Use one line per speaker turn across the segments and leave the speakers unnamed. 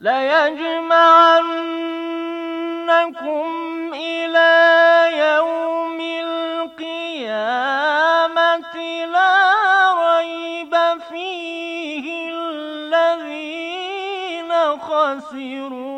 ليجمعنكم إلى يوم القيامة لا ريب فيه الذين خسروا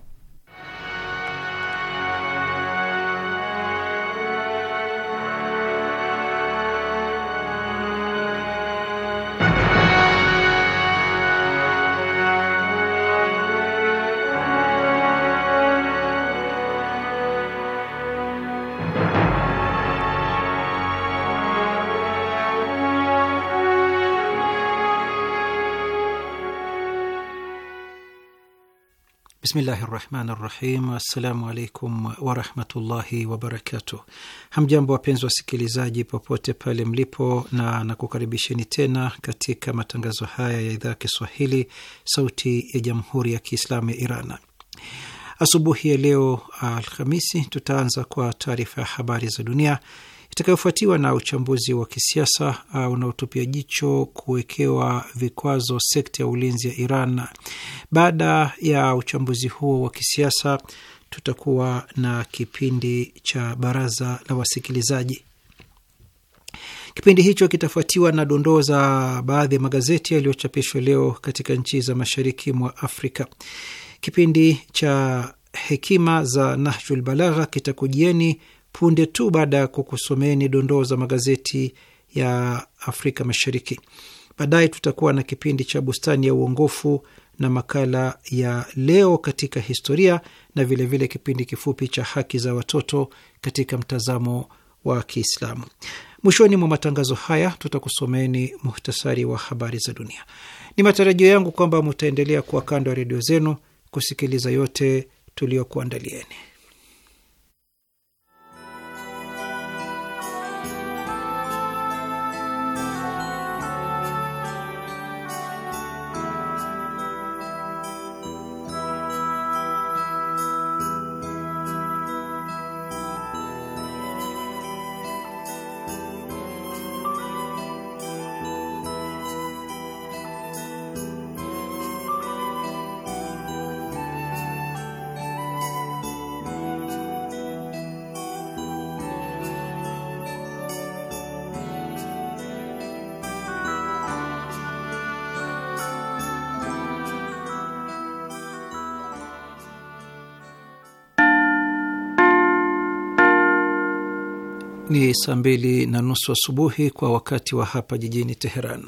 Bismillahi rahmani rahim. Assalamu alaikum warahmatullahi wabarakatuh. Hamjambo wapenzi wasikilizaji, popote pale mlipo, na nakukaribisheni tena katika matangazo haya ya idhaa ya Kiswahili, Sauti ya Jamhuri ya Kiislamu ya Iran. Asubuhi ya leo Alhamisi tutaanza kwa taarifa ya habari za dunia itakayofuatiwa na uchambuzi wa kisiasa uh, unaotupia jicho kuwekewa vikwazo sekta ya ulinzi ya Iran. Baada ya uchambuzi huo wa kisiasa, tutakuwa na kipindi cha baraza la wasikilizaji. Kipindi hicho kitafuatiwa na dondoo za baadhi ya magazeti yaliyochapishwa leo katika nchi za mashariki mwa Afrika. Kipindi cha hekima za Nahjul Balagha kitakujieni punde tu baada ya kukusomeni dondoo za magazeti ya Afrika Mashariki. Baadaye tutakuwa na kipindi cha Bustani ya Uongofu na makala ya Leo katika Historia, na vilevile vile kipindi kifupi cha Haki za Watoto katika Mtazamo wa Kiislamu. Mwishoni mwa matangazo haya tutakusomeni muhtasari wa habari za dunia. Ni matarajio yangu kwamba mutaendelea kuwa kando ya redio zenu kusikiliza yote tuliyokuandalieni. Ni saa mbili na nusu asubuhi wa kwa wakati wa hapa jijini Teheran.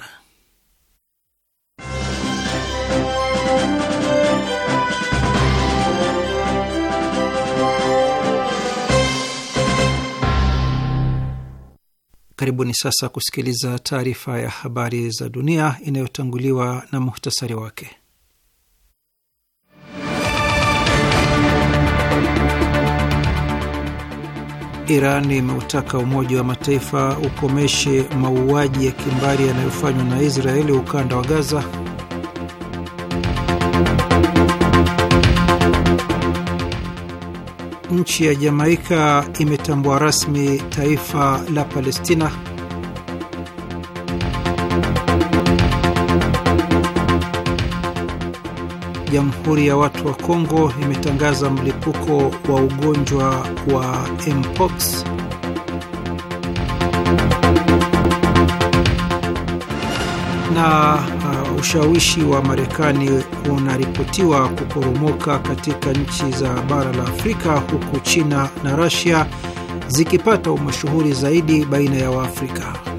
Karibuni sasa kusikiliza taarifa ya habari za dunia inayotanguliwa na muhtasari wake. Iran imeutaka Umoja wa Mataifa ukomeshe mauaji ya kimbari yanayofanywa na Israeli ukanda wa Gaza. Nchi ya Jamaika imetambua rasmi taifa la Palestina. Jamhuri ya Watu wa Kongo imetangaza mlipuko wa ugonjwa wa mpox. Na uh, ushawishi wa Marekani unaripotiwa kuporomoka katika nchi za bara la Afrika, huku China na Russia zikipata umashuhuri zaidi baina ya Waafrika.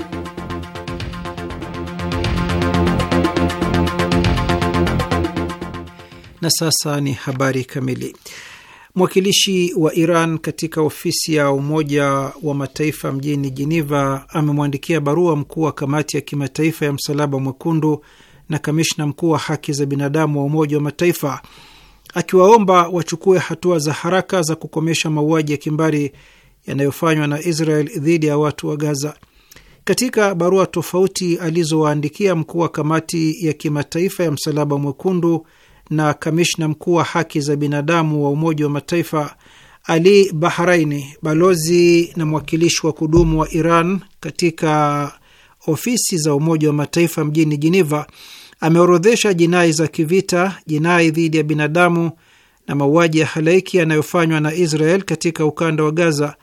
Na sasa ni habari kamili. Mwakilishi wa Iran katika ofisi ya Umoja wa Mataifa mjini Geneva amemwandikia barua mkuu wa Kamati ya Kimataifa ya Msalaba Mwekundu na kamishna mkuu wa haki za binadamu wa Umoja wa Mataifa akiwaomba wachukue hatua za haraka za kukomesha mauaji ya kimbari yanayofanywa na Israel dhidi ya watu wa Gaza. Katika barua tofauti alizowaandikia mkuu wa Kamati ya Kimataifa ya Msalaba Mwekundu na kamishna mkuu wa haki za binadamu wa Umoja wa Mataifa Ali Bahraini, balozi na mwakilishi wa kudumu wa Iran katika ofisi za Umoja wa Mataifa mjini jiniva ameorodhesha jinai za kivita, jinai dhidi ya binadamu na mauaji ya halaiki yanayofanywa na Israel katika ukanda wa Gaza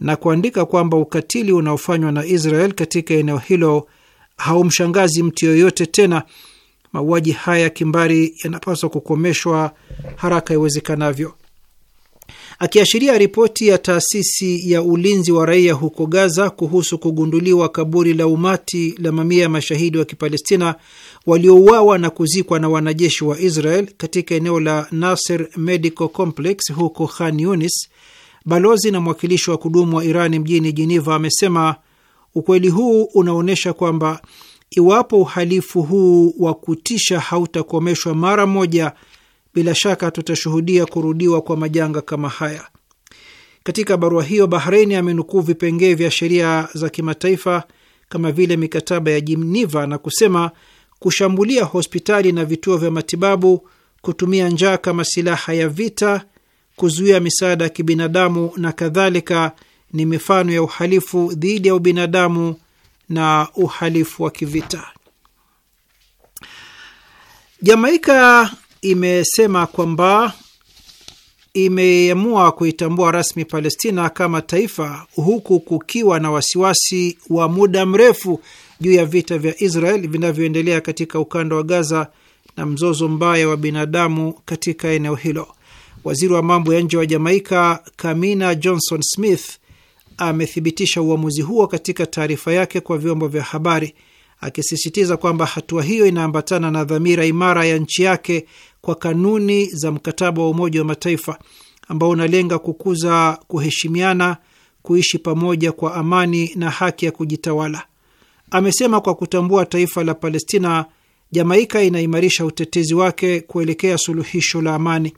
na kuandika kwamba ukatili unaofanywa na Israel katika eneo hilo haumshangazi mtu yoyote tena Mauaji haya ya kimbari yanapaswa kukomeshwa haraka iwezekanavyo. Akiashiria ripoti ya taasisi ya ulinzi wa raia huko Gaza kuhusu kugunduliwa kaburi la umati la mamia ya mashahidi wa Kipalestina waliouawa na kuzikwa na wanajeshi wa Israel katika eneo la Nasser Medical Complex huko Khan Yunis, balozi na mwakilishi wa kudumu wa Irani mjini Geneva amesema ukweli huu unaonyesha kwamba Iwapo uhalifu huu wa kutisha hautakomeshwa mara moja, bila shaka tutashuhudia kurudiwa kwa majanga kama haya. Katika barua hiyo, Bahreini amenukuu vipengee vya sheria za kimataifa kama vile mikataba ya Jiniva na kusema kushambulia hospitali na vituo vya matibabu, kutumia njaa kama silaha ya vita, kuzuia misaada ya kibinadamu na kadhalika ni mifano ya uhalifu dhidi ya ubinadamu na uhalifu wa kivita. Jamaika imesema kwamba imeamua kuitambua rasmi Palestina kama taifa huku kukiwa na wasiwasi wa muda mrefu juu ya vita vya Israel vinavyoendelea katika ukanda wa Gaza na mzozo mbaya wa binadamu katika eneo hilo. Waziri wa mambo ya nje wa Jamaika, Kamina Johnson Smith, amethibitisha uamuzi huo katika taarifa yake kwa vyombo vya habari akisisitiza kwamba hatua hiyo inaambatana na dhamira imara ya nchi yake kwa kanuni za mkataba wa Umoja wa Mataifa ambao unalenga kukuza kuheshimiana, kuishi pamoja kwa amani na haki ya kujitawala. Amesema kwa kutambua taifa la Palestina, Jamaika inaimarisha utetezi wake kuelekea suluhisho la amani.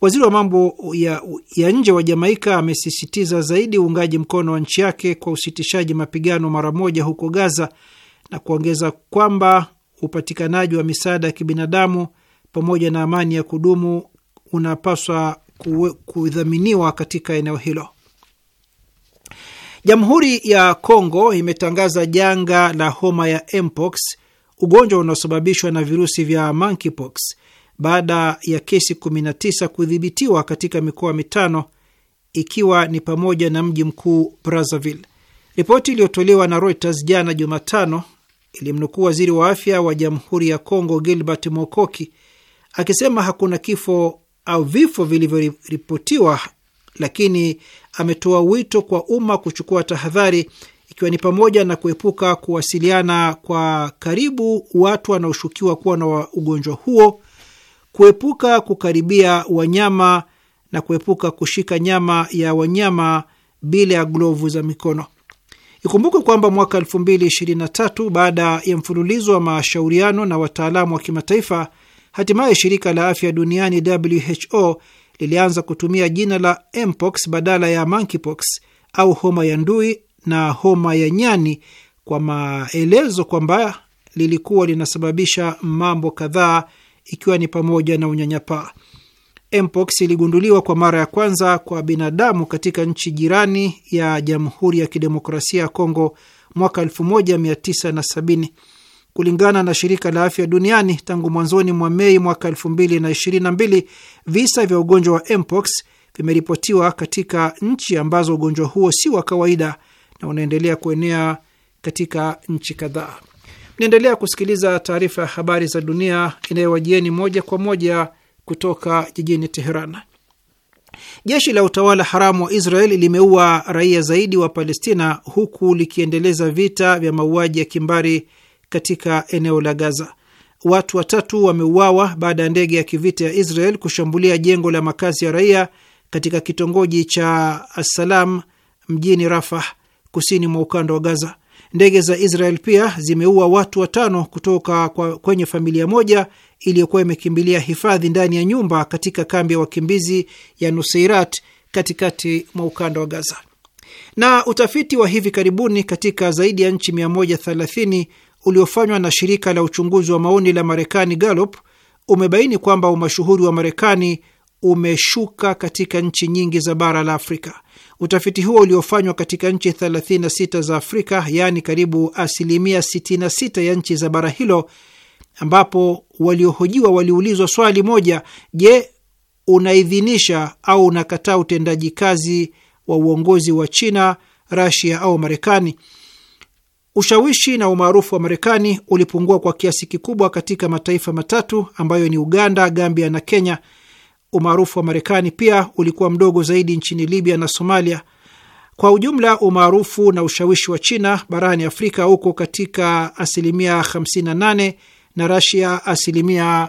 Waziri wa mambo ya, ya nje wa Jamaika amesisitiza zaidi uungaji mkono wa nchi yake kwa usitishaji mapigano mara moja huko Gaza na kuongeza kwamba upatikanaji wa misaada ya kibinadamu pamoja na amani ya kudumu unapaswa kudhaminiwa katika eneo hilo. Jamhuri ya Kongo imetangaza janga la homa ya mpox, ugonjwa unaosababishwa na virusi vya monkeypox baada ya kesi 19 kudhibitiwa katika mikoa mitano ikiwa ni pamoja na mji mkuu Brazzaville. Ripoti iliyotolewa na Reuters jana Jumatano ilimnukuu waziri wa afya wa Jamhuri ya Kongo Gilbert Mokoki akisema hakuna kifo au vifo vilivyoripotiwa, lakini ametoa wito kwa umma kuchukua tahadhari, ikiwa ni pamoja na kuepuka kuwasiliana kwa karibu watu wanaoshukiwa kuwa na ugonjwa huo kuepuka kukaribia wanyama na kuepuka kushika nyama ya wanyama bila ya glovu za mikono. Ikumbukwe kwamba mwaka 2023 baada ya mfululizo wa mashauriano na wataalamu wa kimataifa, hatimaye shirika la afya duniani WHO lilianza kutumia jina la mpox badala ya monkeypox au homa ya ndui na homa ya nyani, kwa maelezo kwamba lilikuwa linasababisha mambo kadhaa ikiwa ni pamoja na unyanyapaa. Mpox iligunduliwa kwa mara ya kwanza kwa binadamu katika nchi jirani ya Jamhuri ya Kidemokrasia ya Kongo mwaka 1970 kulingana na Shirika la Afya Duniani. Tangu mwanzoni mwa Mei mwaka 2022 visa vya ugonjwa wa mpox vimeripotiwa katika nchi ambazo ugonjwa huo si wa kawaida na unaendelea kuenea katika nchi kadhaa naendelea kusikiliza taarifa ya habari za dunia inayowajieni moja kwa moja kutoka jijini Teheran. Jeshi la utawala haramu wa israel limeua raia zaidi wa Palestina huku likiendeleza vita vya mauaji ya kimbari katika eneo la Gaza. Watu watatu wameuawa baada ya ndege ya kivita ya Israel kushambulia jengo la makazi ya raia katika kitongoji cha Assalam mjini Rafah, kusini mwa ukanda wa Gaza. Ndege za Israel pia zimeua watu watano kutoka kwa kwenye familia moja iliyokuwa imekimbilia hifadhi ndani ya nyumba katika kambi ya wakimbizi ya Nuseirat katikati mwa ukanda wa Gaza. Na utafiti wa hivi karibuni katika zaidi ya nchi 130 uliofanywa na shirika la uchunguzi wa maoni la Marekani Gallup umebaini kwamba umashuhuri wa Marekani umeshuka katika nchi nyingi za bara la Afrika Utafiti huo uliofanywa katika nchi 36 za Afrika, yaani karibu asilimia 66 ya nchi za bara hilo, ambapo waliohojiwa waliulizwa swali moja: je, unaidhinisha au unakataa utendaji kazi wa uongozi wa China, Rasia au Marekani? Ushawishi na umaarufu wa Marekani ulipungua kwa kiasi kikubwa katika mataifa matatu ambayo ni Uganda, Gambia na Kenya Umaarufu wa Marekani pia ulikuwa mdogo zaidi nchini Libya na Somalia. Kwa ujumla, umaarufu na ushawishi wa China barani Afrika uko katika asilimia 58 na Rasia asilimia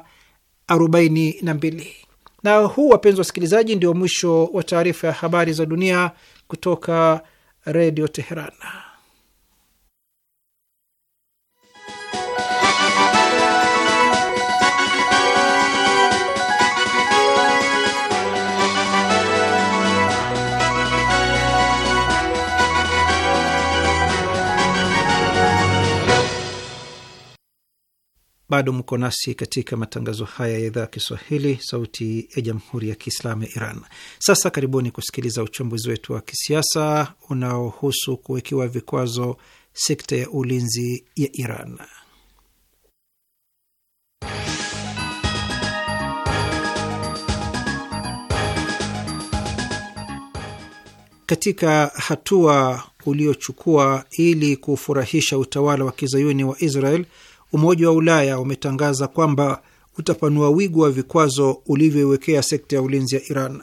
42. Na huu, wapenzi wasikilizaji, ndio mwisho wa taarifa ya habari za dunia kutoka Redio Teheran. bado mko nasi katika matangazo haya ya idhaa ya Kiswahili, sauti ya jamhuri ya kiislamu ya Iran. Sasa karibuni kusikiliza uchambuzi wetu wa kisiasa unaohusu kuwekiwa vikwazo sekta ya ulinzi ya Iran. Katika hatua uliochukua ili kufurahisha utawala wa kizayuni wa Israel Umoja wa Ulaya umetangaza kwamba utapanua wigo wa vikwazo ulivyoiwekea sekta ya ulinzi ya Iran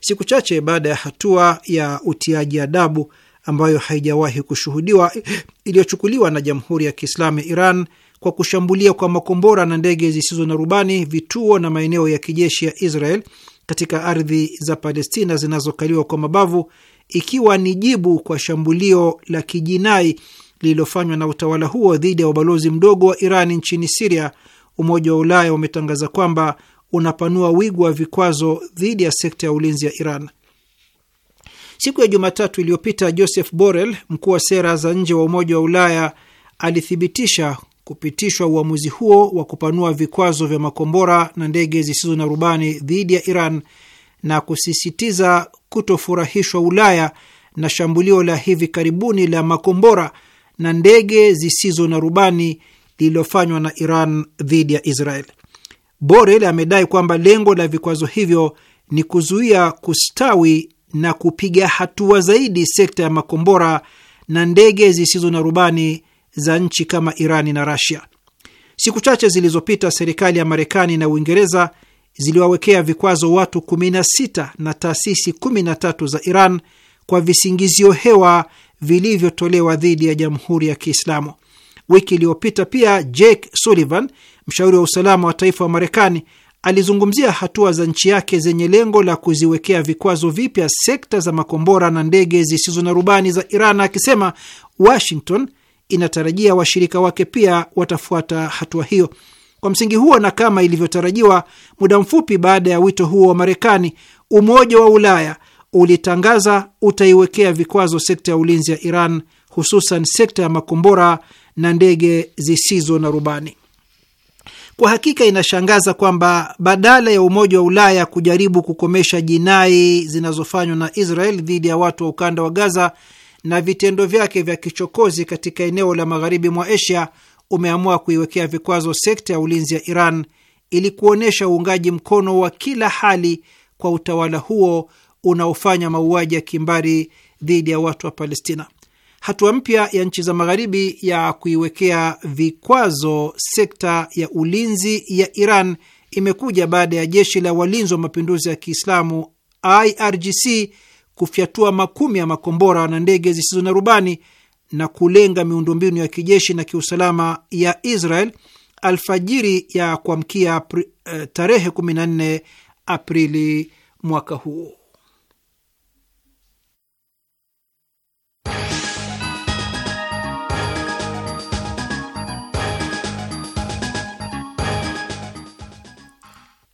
siku chache baada ya hatua ya utiaji adabu ambayo haijawahi kushuhudiwa iliyochukuliwa na Jamhuri ya Kiislamu ya Iran kwa kushambulia kwa makombora na ndege zisizo na rubani vituo na maeneo ya kijeshi ya Israel katika ardhi za Palestina zinazokaliwa kwa mabavu, ikiwa ni jibu kwa shambulio la kijinai lililofanywa na utawala huo dhidi ya ubalozi mdogo wa Iran nchini Siria, Umoja wa Ulaya umetangaza kwamba unapanua wigo wa vikwazo dhidi ya sekta ya ulinzi ya Iran. Siku ya Jumatatu iliyopita, Joseph Borrell, mkuu wa sera za nje wa Umoja wa Ulaya, alithibitisha kupitishwa uamuzi huo wa kupanua vikwazo vya makombora na ndege zisizo na rubani dhidi ya Iran na kusisitiza kutofurahishwa Ulaya na shambulio la hivi karibuni la makombora na ndege zisizo na rubani lililofanywa na Iran dhidi ya Israel. Borel amedai kwamba lengo la vikwazo hivyo ni kuzuia kustawi na kupiga hatua zaidi sekta ya makombora na ndege zisizo na rubani za nchi kama Irani na Rasia. Siku chache zilizopita, serikali ya Marekani na Uingereza ziliwawekea vikwazo watu 16 na taasisi 13 za Iran kwa visingizio hewa vilivyotolewa dhidi ya Jamhuri ya Kiislamu. Wiki iliyopita pia Jake Sullivan, mshauri wa usalama wa taifa wa Marekani, alizungumzia hatua za nchi yake zenye lengo la kuziwekea vikwazo vipya sekta za makombora na ndege zisizo na rubani za Iran, akisema Washington inatarajia washirika wake pia watafuata hatua hiyo. Kwa msingi huo na kama ilivyotarajiwa, muda mfupi baada ya wito huo wa Marekani, Umoja wa Ulaya ulitangaza utaiwekea vikwazo sekta ya ulinzi ya Iran, hususan sekta ya makombora na ndege zisizo na rubani. Kwa hakika inashangaza kwamba badala ya Umoja wa Ulaya kujaribu kukomesha jinai zinazofanywa na Israel dhidi ya watu wa ukanda wa Gaza na vitendo vyake vya kichokozi katika eneo la magharibi mwa Asia, umeamua kuiwekea vikwazo sekta ya ulinzi ya Iran ili kuonyesha uungaji mkono wa kila hali kwa utawala huo unaofanya mauaji ya kimbari dhidi ya watu wa Palestina. Hatua mpya ya nchi za Magharibi ya kuiwekea vikwazo sekta ya ulinzi ya Iran imekuja baada ya jeshi la walinzi wa mapinduzi ya Kiislamu IRGC kufyatua makumi ya makombora na ndege zisizo na rubani na kulenga miundombinu ya kijeshi na kiusalama ya Israel alfajiri ya kuamkia eh, tarehe 14 Aprili mwaka huu.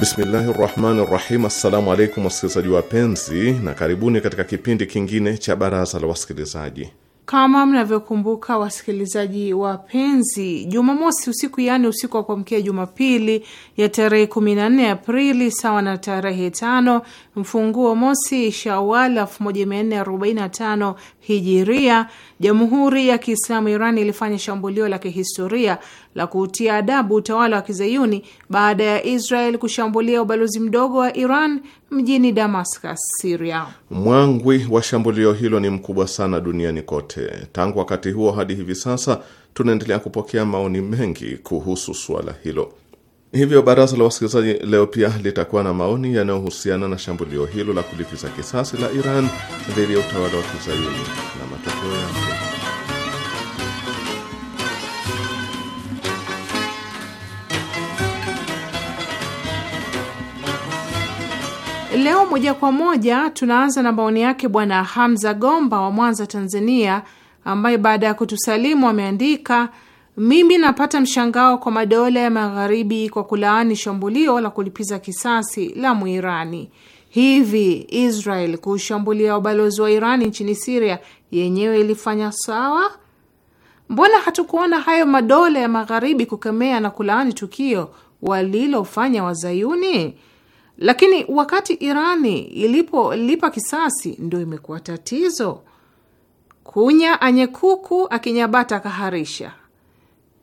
Bismillahi rahmani rahim. Assalamu alaikum wasikilizaji wapenzi, na karibuni katika kipindi kingine cha baraza la wasikilizaji.
Kama mnavyokumbuka wasikilizaji wapenzi, Jumamosi usiku, yaani usiku wa kuamkia Jumapili ya tarehe 14 Aprili sawa na tarehe tano mfunguo mosi Shawal 1445 Hijiria, Jamhuri ya Kiislamu Iran ilifanya shambulio la kihistoria la kuutia adabu utawala wa Kizayuni baada ya Israel kushambulia ubalozi mdogo wa Iran mjini Damascus, Syria.
Mwangwi wa shambulio hilo ni mkubwa sana duniani kote. Tangu wakati huo hadi hivi sasa tunaendelea kupokea maoni mengi kuhusu suala hilo. Hivyo baraza la wasikilizaji leo pia litakuwa na maoni yanayohusiana na shambulio hilo la kulipiza kisasi la Iran dhidi ya utawala wa kizayuni na matokeo yake.
Leo moja kwa moja tunaanza na maoni yake Bwana Hamza Gomba wa Mwanza, Tanzania, ambaye baada ya kutusalimu ameandika mimi napata mshangao kwa madola ya magharibi kwa kulaani shambulio la kulipiza kisasi la Mwirani. Hivi Israel kushambulia ubalozi wa Irani nchini Siria yenyewe ilifanya sawa? Mbona hatukuona hayo madola ya magharibi kukemea na kulaani tukio walilofanya Wazayuni? Lakini wakati Irani ilipolipa kisasi ndio imekuwa tatizo. Kunya anyekuku akinyabata kaharisha.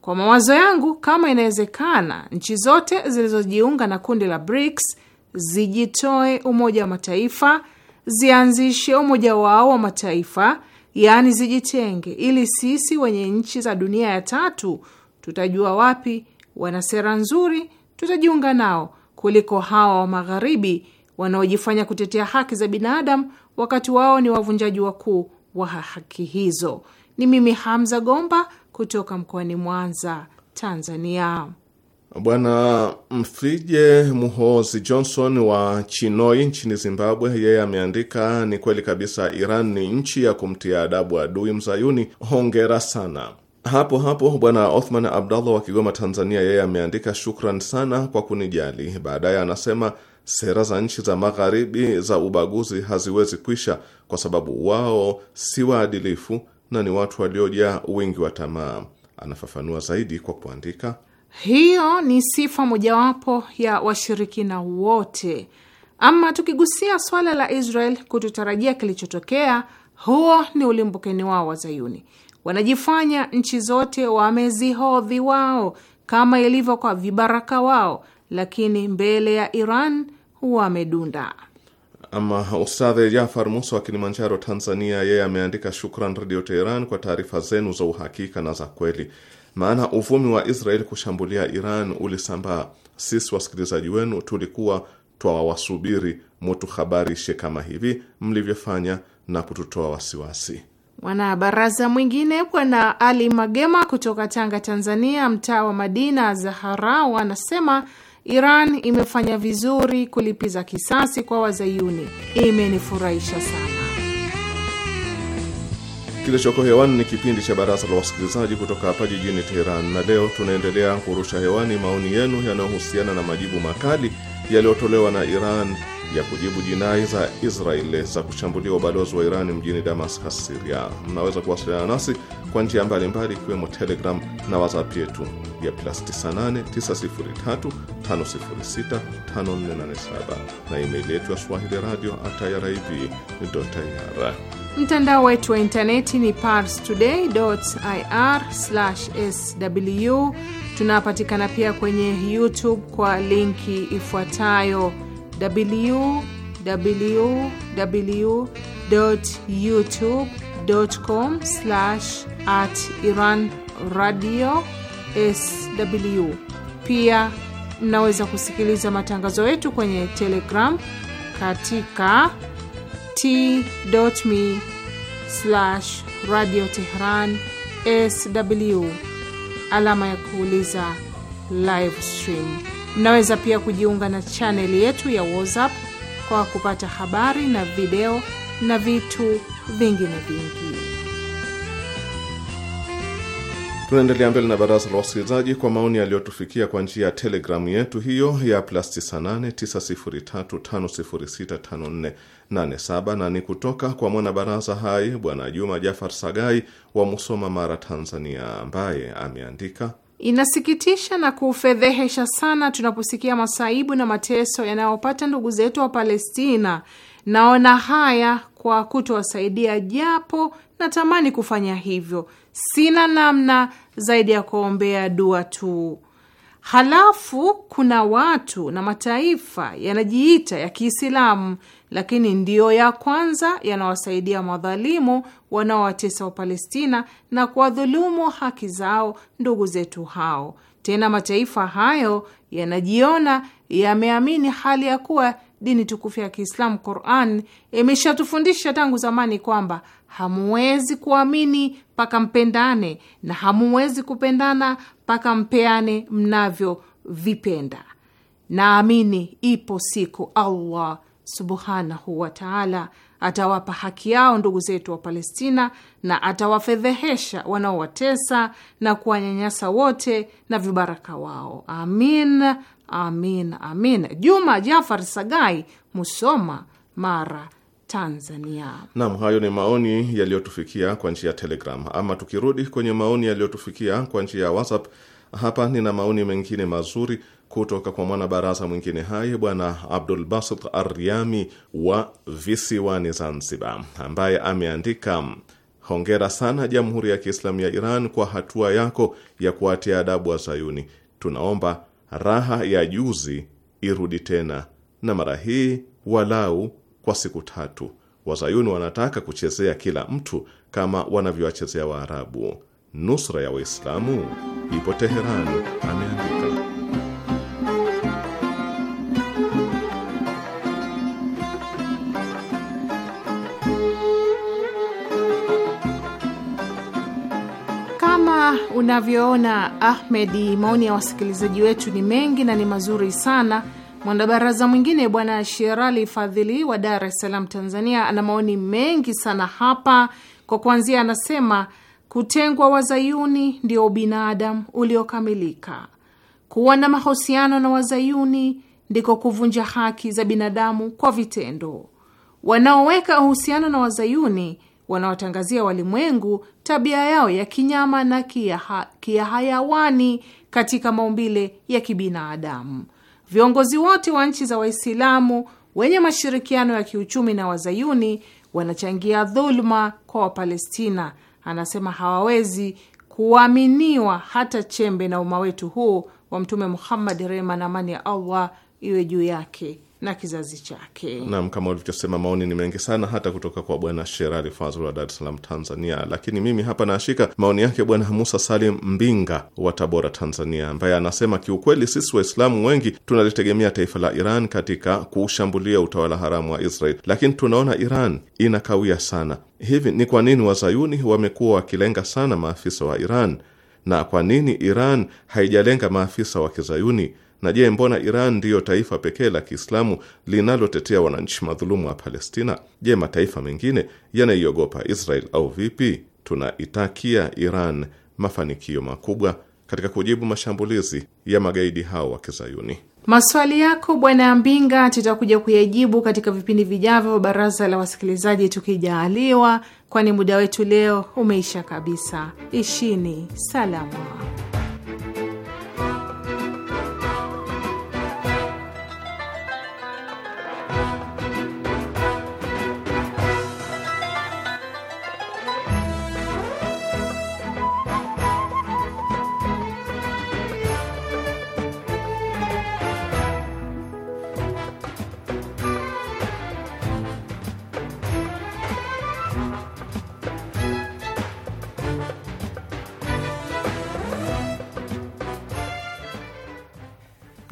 Kwa mawazo yangu, kama inawezekana, nchi zote zilizojiunga na kundi la BRICS zijitoe Umoja wa Mataifa, zianzishe umoja wao wa mataifa, yaani zijitenge, ili sisi wenye nchi za dunia ya tatu tutajua wapi wana sera nzuri, tutajiunga nao kuliko hawa wa magharibi wanaojifanya kutetea haki za binadamu wakati wao ni wavunjaji wakuu wa haki hizo. Ni mimi Hamza Gomba kutoka mkoani Mwanza, Tanzania.
Bwana mfije Muhozi Johnson wa Chinoi nchini Zimbabwe, yeye ameandika: ni kweli kabisa, Iran ni nchi ya kumtia adabu adui mzayuni. Hongera sana. Hapo hapo bwana Othman Abdallah wa Kigoma, Tanzania, yeye ameandika shukran sana kwa kunijali. Baadaye anasema sera za nchi za magharibi za ubaguzi haziwezi kwisha kwa sababu wao si waadilifu na ni watu waliojaa wingi wa tamaa. Anafafanua zaidi kwa kuandika,
hiyo ni sifa mojawapo ya washirikina wote. Ama tukigusia swala la Israel, kututarajia kilichotokea, huo ni ulimbukeni wao wa Zayuni. Wanajifanya nchi zote wamezihodhi wao kama ilivyo kwa vibaraka wao, lakini mbele ya Iran wamedunda.
Ama Ustadhe Jafar Musa wa Kilimanjaro, Tanzania, yeye ameandika shukran Redio Teheran kwa taarifa zenu za uhakika na za kweli, maana uvumi wa Israeli kushambulia Iran ulisambaa. Sisi wasikilizaji wenu tulikuwa twawasubiri mutuhabarishe kama hivi mlivyofanya na kututoa wasiwasi.
Mwanabaraza mwingine Bwana Ali Magema kutoka Tanga, Tanzania, mtaa wa Madina Zaharau, anasema Iran imefanya vizuri kulipiza kisasi kwa Wazayuni, imenifurahisha sana.
Kilichoko hewani ni kipindi cha Baraza la Wasikilizaji kutoka hapa jijini Teheran, na leo tunaendelea kurusha hewani maoni yenu yanayohusiana na majibu makali yaliyotolewa na Iran ya kujibu jinai za Israeli za kushambulia ubalozi wa iran mjini Damascus, Syria. Mnaweza kuwasiliana nasi kwa njia mbalimbali ikiwemo Telegram na WhatsApp yetu ya plus 989035065487 na email yetu ya swahili radio irib.ir.
Mtandao wetu wa intaneti ni parstoday.ir/sw. Tunapatikana pia kwenye YouTube kwa linki ifuatayo www.youtube.com at Iran radio sw. Pia mnaweza kusikiliza matangazo yetu kwenye Telegram katika t.me radio Tehran sw alama ya kuuliza live stream. Mnaweza pia kujiunga na chaneli yetu ya WhatsApp kwa kupata habari na video na vitu vingine vingi.
Tunaendelea mbele na baraza la wasikilizaji kwa maoni yaliyotufikia kwa njia ya telegramu yetu hiyo ya plus 989035065487 na ni kutoka kwa mwanabaraza hai Bwana Juma Jafar Sagai wa Musoma, Mara, Tanzania, ambaye ameandika
Inasikitisha na kufedhehesha sana tunaposikia masaibu na mateso yanayopata ndugu zetu wa Palestina. Naona haya kwa kutowasaidia, japo natamani kufanya hivyo. Sina namna zaidi ya kuombea dua tu. Halafu kuna watu na mataifa yanajiita ya Kiislamu lakini ndiyo ya kwanza yanawasaidia madhalimu wanaowatesa Wapalestina na kuwadhulumu haki zao ndugu zetu hao. Tena mataifa hayo yanajiona yameamini hali ya kuwa dini tukufu ya Kiislamu Quran imeshatufundisha tangu zamani kwamba hamuwezi kuamini mpaka mpendane na hamuwezi kupendana mpaka mpeane mnavyovipenda. Naamini ipo siku Allah subhanahu wa taala atawapa haki yao ndugu zetu wa Palestina na atawafedhehesha wanaowatesa na kuwanyanyasa wote na vibaraka wao. Amin, amin, amin. Juma Jafar Sagai, Musoma, Mara, Tanzania.
Naam, hayo ni maoni yaliyotufikia kwa njia ya Telegram. Ama tukirudi kwenye maoni yaliyotufikia kwa njia ya WhatsApp, hapa nina maoni mengine mazuri kutoka kwa mwanabaraza mwingine hai Bwana Abdul Basit Aryami wa visiwani Zanzibar, ambaye ameandika hongera sana Jamhuri ya Kiislamu ya Iran kwa hatua yako ya kuwatia adabu wa Zayuni. Tunaomba raha ya juzi irudi tena, na mara hii walau kwa siku tatu. Wazayuni wanataka kuchezea kila mtu kama wanavyowachezea Waarabu. Nusra ya Waislamu ipo Teherani, ameandika.
Kama unavyoona Ahmedi, maoni ya wasikilizaji wetu ni mengi na ni mazuri sana. Mwanabaraza mwingine Bwana Sherali Fadhili wa Dar es Salaam, Tanzania, ana maoni mengi sana hapa. Kwa kuanzia, anasema kutengwa wazayuni ndio ubinadamu uliokamilika. Kuwa na mahusiano na wazayuni ndiko kuvunja haki za binadamu kwa vitendo. Wanaoweka uhusiano na wazayuni wanaotangazia walimwengu tabia yao ya kinyama na kiyaha, kiyahayawani katika maumbile ya kibinadamu. Viongozi wote wa nchi za Waislamu wenye mashirikiano ya kiuchumi na Wazayuni wanachangia dhuluma kwa Wapalestina. Anasema hawawezi kuaminiwa hata chembe na umma wetu huu wa Mtume Muhammad, rehma na amani ya Allah iwe juu yake na kizazi chake. Naam,
kama ulivyosema, maoni ni mengi sana, hata kutoka kwa bwana Sherali Fazl wa Dar es Salaam, Tanzania. Lakini mimi hapa naashika maoni yake bwana Musa Salim Mbinga wa Tabora, Tanzania, ambaye anasema kiukweli, sisi Waislamu wengi tunalitegemea taifa la Iran katika kuushambulia utawala haramu wa Israel, lakini tunaona Iran inakawia sana. Hivi ni kwa nini wazayuni wamekuwa wakilenga sana maafisa wa Iran na kwa nini Iran haijalenga maafisa wa kizayuni? Na je, mbona Iran ndiyo taifa pekee la Kiislamu linalotetea wananchi madhulumu wa Palestina? Je, mataifa mengine yanaiogopa Israel au vipi? Tunaitakia Iran mafanikio makubwa katika kujibu mashambulizi ya magaidi hao wa Kizayuni.
Maswali yako Bwana Mbinga tutakuja kuyajibu katika vipindi vijavyo, baraza la wasikilizaji, tukijaaliwa, kwani muda wetu leo umeisha kabisa. Ishini salama.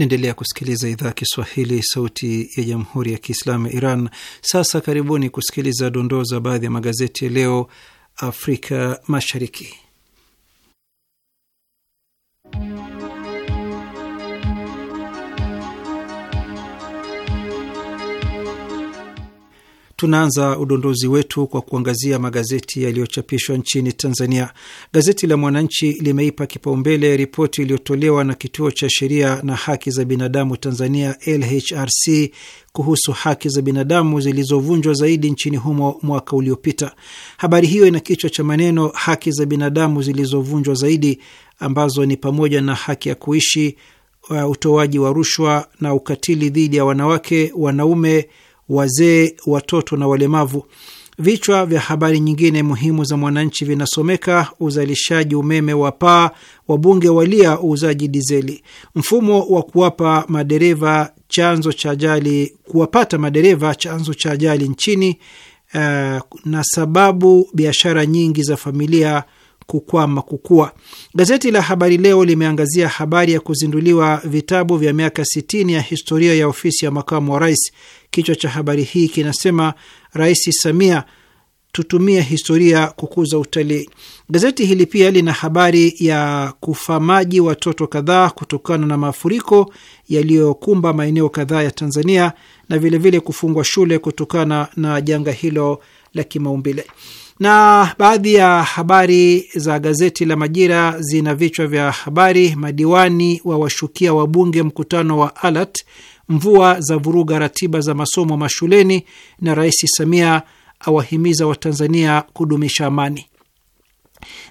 Naendelea kusikiliza idhaa ya Kiswahili, sauti ya jamhuri ya kiislamu ya Iran. Sasa karibuni kusikiliza dondoo za baadhi ya magazeti ya leo Afrika Mashariki. Tunaanza udondozi wetu kwa kuangazia magazeti yaliyochapishwa nchini Tanzania. Gazeti la Mwananchi limeipa kipaumbele ripoti iliyotolewa na Kituo cha Sheria na Haki za Binadamu Tanzania, LHRC, kuhusu haki za binadamu zilizovunjwa zaidi nchini humo mwaka uliopita. Habari hiyo ina kichwa cha maneno, haki za binadamu zilizovunjwa zaidi, ambazo ni pamoja na haki ya kuishi, uh, utoaji wa rushwa na ukatili dhidi ya wanawake, wanaume wazee, watoto na walemavu. Vichwa vya habari nyingine muhimu za Mwananchi vinasomeka: uzalishaji umeme wa paa, wabunge walia uuzaji dizeli, mfumo wa kuwapa madereva chanzo cha ajali, kuwapata madereva chanzo cha ajali nchini, uh, na sababu biashara nyingi za familia kukwama kukua. Gazeti la Habari Leo limeangazia habari ya kuzinduliwa vitabu vya miaka 60 ya historia ya ofisi ya makamu wa rais. Kichwa cha habari hii kinasema Rais Samia, tutumie historia kukuza utalii. Gazeti hili pia lina habari ya kufamaji watoto kadhaa kutokana na mafuriko yaliyokumba maeneo kadhaa ya Tanzania na vilevile vile kufungwa shule kutokana na janga hilo la kimaumbile. Na baadhi ya habari za gazeti la Majira zina vichwa vya habari: madiwani wa washukia wabunge mkutano wa ALAT, mvua za vuruga ratiba za masomo mashuleni, na Rais Samia awahimiza Watanzania kudumisha amani.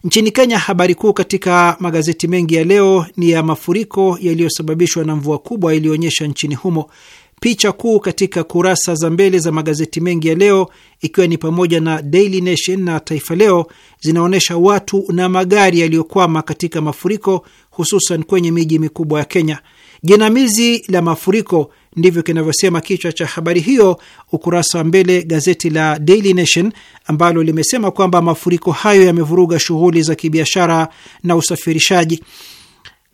Nchini Kenya, habari kuu katika magazeti mengi ya leo ni ya mafuriko yaliyosababishwa na mvua kubwa iliyoonyesha nchini humo. Picha kuu katika kurasa za mbele za magazeti mengi ya leo, ikiwa ni pamoja na Daily Nation na Taifa Leo, zinaonyesha watu na magari yaliyokwama katika mafuriko, hususan kwenye miji mikubwa ya Kenya. Jinamizi la mafuriko, ndivyo kinavyosema kichwa cha habari hiyo, ukurasa wa mbele gazeti la Daily Nation, ambalo limesema kwamba mafuriko hayo yamevuruga shughuli za kibiashara na usafirishaji.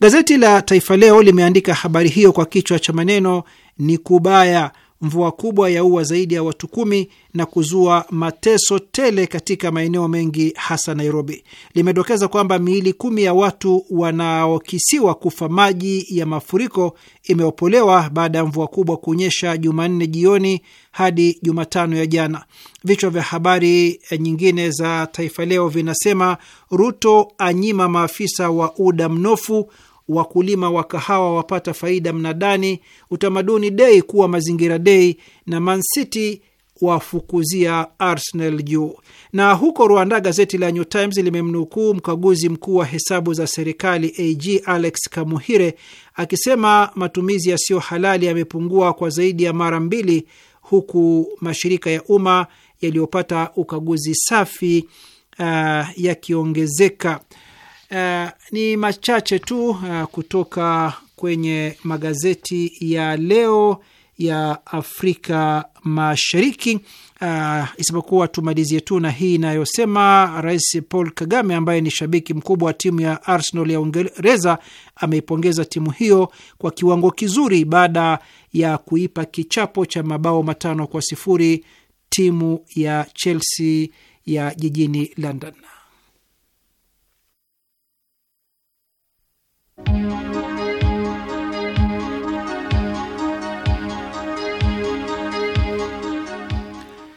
Gazeti la Taifa Leo limeandika habari hiyo kwa kichwa cha maneno ni kubaya. Mvua kubwa yaua zaidi ya watu kumi na kuzua mateso tele katika maeneo mengi hasa Nairobi. Limedokeza kwamba miili kumi ya watu wanaokisiwa kufa maji ya mafuriko imeopolewa baada ya mvua kubwa kunyesha Jumanne jioni hadi Jumatano ya jana. Vichwa vya habari nyingine za Taifa Leo vinasema Ruto anyima maafisa wa UDA mnofu wakulima wa kahawa wapata faida mnadani, utamaduni dei kuwa mazingira dei, na Man City wafukuzia Arsenal juu. Na huko Rwanda, gazeti la New Times limemnukuu mkaguzi mkuu wa hesabu za serikali AG Alex Kamuhire akisema matumizi yasiyo halali yamepungua kwa zaidi ya mara mbili, huku mashirika ya umma yaliyopata ukaguzi safi uh, yakiongezeka. Eh, ni machache tu uh, kutoka kwenye magazeti ya leo ya Afrika Mashariki uh, isipokuwa tumalizie tu na hii inayosema Rais Paul Kagame ambaye ni shabiki mkubwa wa timu ya Arsenal ya Uingereza ameipongeza timu hiyo kwa kiwango kizuri baada ya kuipa kichapo cha mabao matano kwa sifuri timu ya Chelsea ya jijini London.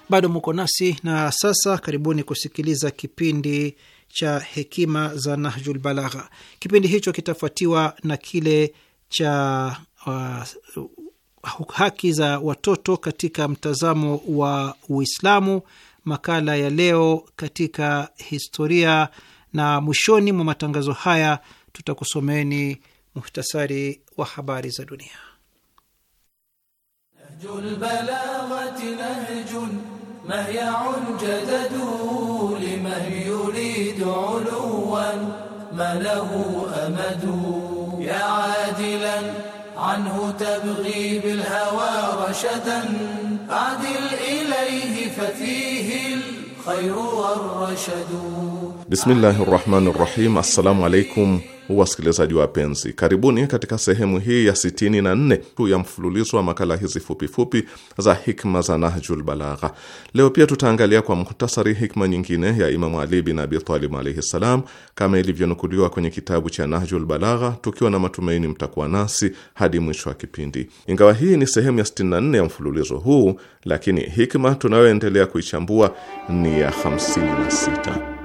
Bado muko nasi na sasa, karibuni kusikiliza kipindi cha hekima za Nahjul Balagha. Kipindi hicho kitafuatiwa na kile cha uh, uh haki za watoto katika mtazamo wa Uislamu, makala ya leo katika historia, na mwishoni mwa matangazo haya tutakusomeni muhtasari wa habari za dunia.
Anhu tabghi
Bismillahi rahmani rahim. Assalamu alaikum wasikilizaji wapenzi, karibuni katika sehemu hii ya 64 tu ya mfululizo wa makala hizi fupifupi za hikma za Nahjul Balagha. Leo pia tutaangalia kwa muhtasari hikma nyingine ya Imamu Ali bin Abi Talib alaihi ssalam, kama ilivyonukuliwa kwenye kitabu cha Nahjul Balagha, tukiwa na matumaini mtakuwa nasi hadi mwisho wa kipindi. Ingawa hii ni sehemu ya 64 ya mfululizo huu, lakini hikma tunayoendelea kuichambua ni ya 56.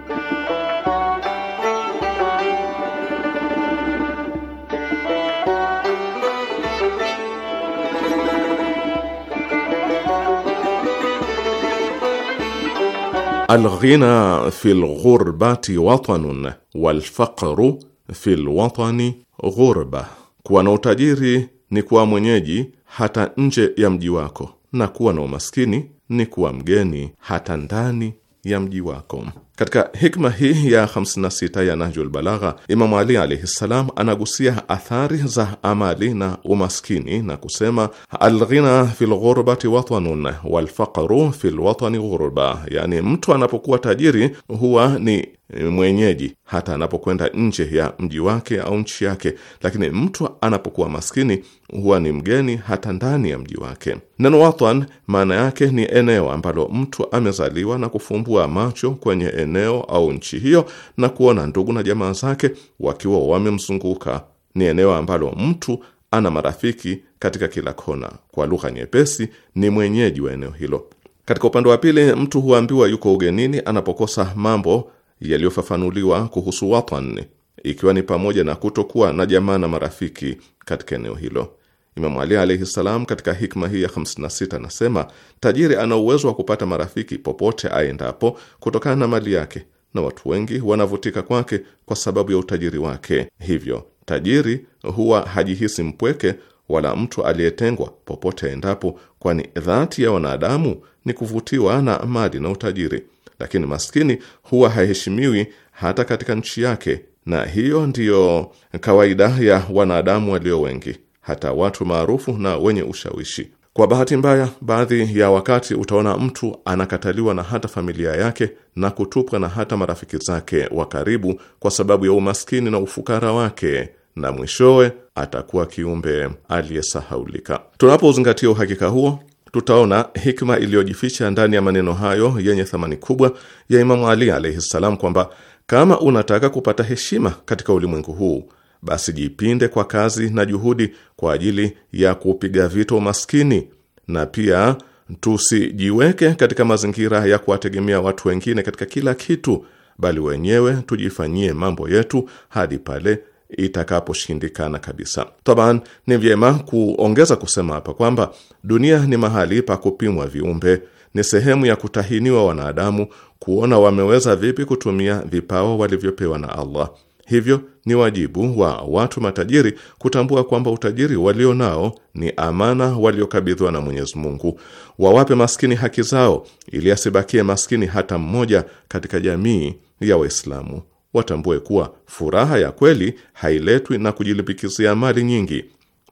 Alghina fi lghurbati watanun walfaqru fi lwatani ghurba, kuwa na utajiri ni kuwa mwenyeji hata nje ya mji wako, na kuwa na umaskini ni kuwa mgeni hata ndani ya mji wako. Katika hikma hii ya 56 ya Nahjul Balagha, Imamu Ali alaihi ssalam anagusia athari za amali na umaskini na kusema, alghina fi lghurbati watanun walfaqru fi lwatani ghurba, yani mtu anapokuwa tajiri huwa ni mwenyeji hata anapokwenda nje ya mji wake au nchi yake, lakini mtu anapokuwa maskini huwa ni mgeni hata ndani ya mji wake. Neno watan maana yake ni eneo ambalo mtu amezaliwa na kufumbua macho kwenye eneo au nchi hiyo na kuona ndugu na jamaa zake wakiwa wamemzunguka. Ni eneo ambalo mtu ana marafiki katika kila kona. Kwa lugha nyepesi, ni mwenyeji wa eneo hilo. Katika upande wa pili, mtu huambiwa yuko ugenini anapokosa mambo yaliyofafanuliwa kuhusu watani, ikiwa ni pamoja na kutokuwa na jamaa na marafiki katika eneo hilo. Imamu Ali alaihi salam katika hikma hii ya 56 anasema tajiri ana uwezo wa kupata marafiki popote aendapo kutokana na mali yake, na watu wengi wanavutika kwake kwa sababu ya utajiri wake. Hivyo tajiri huwa hajihisi mpweke wala mtu aliyetengwa popote aendapo, kwani dhati ya wanadamu ni kuvutiwa na mali na utajiri. Lakini maskini huwa haheshimiwi hata katika nchi yake, na hiyo ndiyo kawaida ya wanadamu walio wengi hata watu maarufu na wenye ushawishi. Kwa bahati mbaya, baadhi ya wakati utaona mtu anakataliwa na hata familia yake na kutupwa na hata marafiki zake wa karibu kwa sababu ya umaskini na ufukara wake na mwishowe atakuwa kiumbe aliyesahaulika. Tunapozingatia uhakika huo, tutaona hikma iliyojificha ndani ya maneno hayo yenye thamani kubwa ya Imamu Ali alaihi ssalam, kwamba kama unataka kupata heshima katika ulimwengu huu basi jipinde kwa kazi na juhudi kwa ajili ya kupiga vita umaskini, na pia tusijiweke katika mazingira ya kuwategemea watu wengine katika kila kitu, bali wenyewe tujifanyie mambo yetu hadi pale itakaposhindikana kabisa. Taban, ni vyema kuongeza kusema hapa kwamba dunia ni mahali pa kupimwa viumbe, ni sehemu ya kutahiniwa wanadamu kuona wameweza vipi kutumia vipawa walivyopewa na Allah. Hivyo ni wajibu wa watu matajiri kutambua kwamba utajiri walio nao ni amana waliokabidhiwa na Mwenyezi Mungu. Wawape maskini haki zao, ili asibakie maskini hata mmoja katika jamii ya Waislamu. Watambue kuwa furaha ya kweli hailetwi na kujilimbikizia mali nyingi,